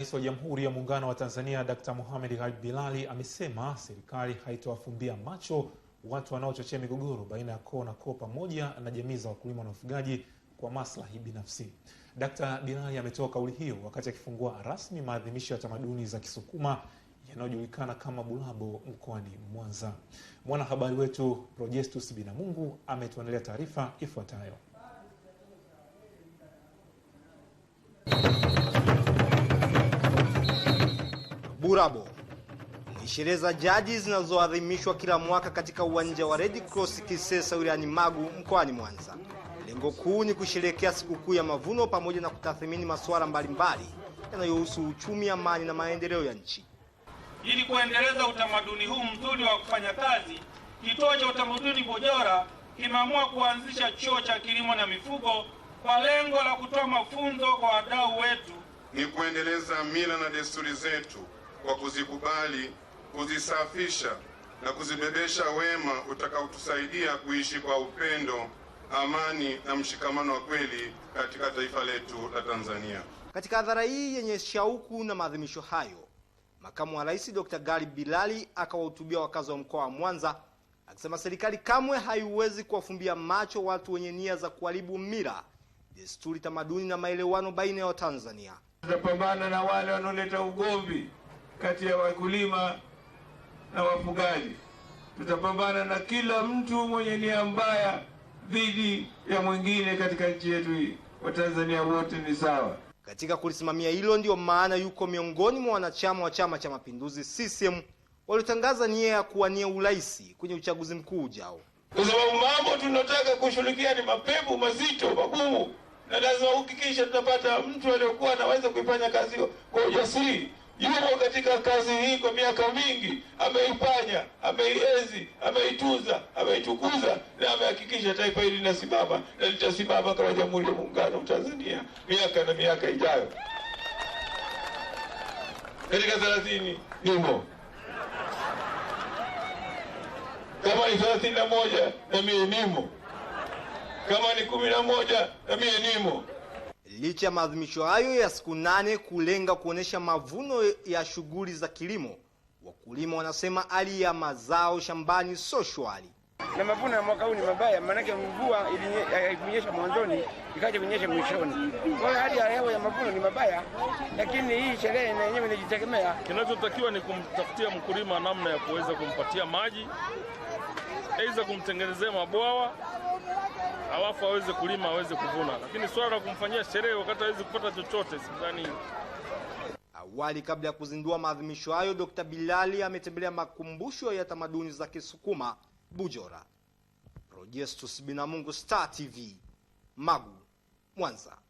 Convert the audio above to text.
Rais wa Jamhuri ya Muungano wa Tanzania Dkt. Mohamed Gharib Bilali amesema serikali haitawafumbia macho watu wanaochochea migogoro baina ya koo na koo pamoja na jamii za wakulima na wafugaji kwa maslahi binafsi. Dkt. Bilali ametoa kauli hiyo wakati akifungua rasmi maadhimisho ya tamaduni za Kisukuma yanayojulikana kama Bulabo mkoani Mwanza. Mwanahabari wetu Projestus Binamungu ametuandalia taarifa ifuatayo. Burabo ni sherehe za jaji zinazoadhimishwa kila mwaka katika uwanja wa Red Cross Kisesa wilayani Magu mkoani Mwanza. Lengo kuu ni kusherehekea sikukuu ya mavuno pamoja na kutathmini masuala mbalimbali yanayohusu uchumi, amani na maendeleo ya nchi. Ili kuendeleza utamaduni huu mzuri wa kufanya kazi, kituo cha utamaduni Bojora kimeamua kuanzisha chuo cha kilimo na mifugo kwa lengo la kutoa mafunzo kwa wadau wetu, ni kuendeleza mila na desturi zetu kwa kuzikubali, kuzisafisha na kuzibebesha wema utakaotusaidia kuishi kwa upendo, amani na mshikamano wa kweli katika taifa letu la Tanzania. Katika hadhara hii yenye shauku na maadhimisho hayo, Makamu wa Rais Dr. Garib Bilali akawahutubia wakazi wa mkoa wa Mwanza akisema serikali kamwe haiwezi kuwafumbia macho watu wenye nia za kuharibu mila, desturi, tamaduni na maelewano baina ya Watanzania. Tutapambana na wale wanaoleta ugomvi kati ya wakulima na wafugaji. Tutapambana na kila mtu mwenye nia mbaya dhidi ya mwingine katika nchi yetu hii. Watanzania wote ni sawa katika kulisimamia hilo. Ndiyo maana yuko miongoni mwa wanachama wa Chama cha Mapinduzi CCM waliotangaza nia ya kuwania urais kwenye uchaguzi mkuu ujao, kwa sababu mambo tunataka kushughulikia ni mapevu mazito, magumu, na lazima uhakikishe tunapata mtu aliyokuwa anaweza kuifanya kazi hiyo kwa ujasiri yuko katika kazi hii kwa miaka mingi, ameifanya, ameiezi ameitunza, ameitukuza na amehakikisha taifa hili linasimama na litasimama kama Jamhuri ya Muungano wa Tanzania miaka na miaka ijayo. Katika thelathini nimo kama ni thelathini na moja na mie nimo, kama ni kumi na moja na mie nimo. Licha ya maadhimisho hayo ya siku nane kulenga kuonyesha mavuno ya shughuli za kilimo, wakulima wanasema hali ya mazao shambani sio shwari na mavuno ya mwaka huu ni mabaya, maanake mvua ilinyesha mwanzoni ikaja kunyesha mwishoni. Kwa hiyo hali ya hewa ya mavuno ni mabaya, lakini hii sherehe na yenyewe inajitegemea. Kinachotakiwa ni kumtafutia mkulima namna ya kuweza kumpatia maji, aidha kumtengenezea mabwawa alafu aweze kulima aweze kuvuna, lakini swala la kumfanyia sherehe wakati awezi kupata chochote sidhani. Awali kabla ya kuzindua maadhimisho hayo, Dr. Bilali ametembelea makumbusho ya tamaduni za Kisukuma Bujora. Projestus Binamungu, Star TV, Magu, Mwanza.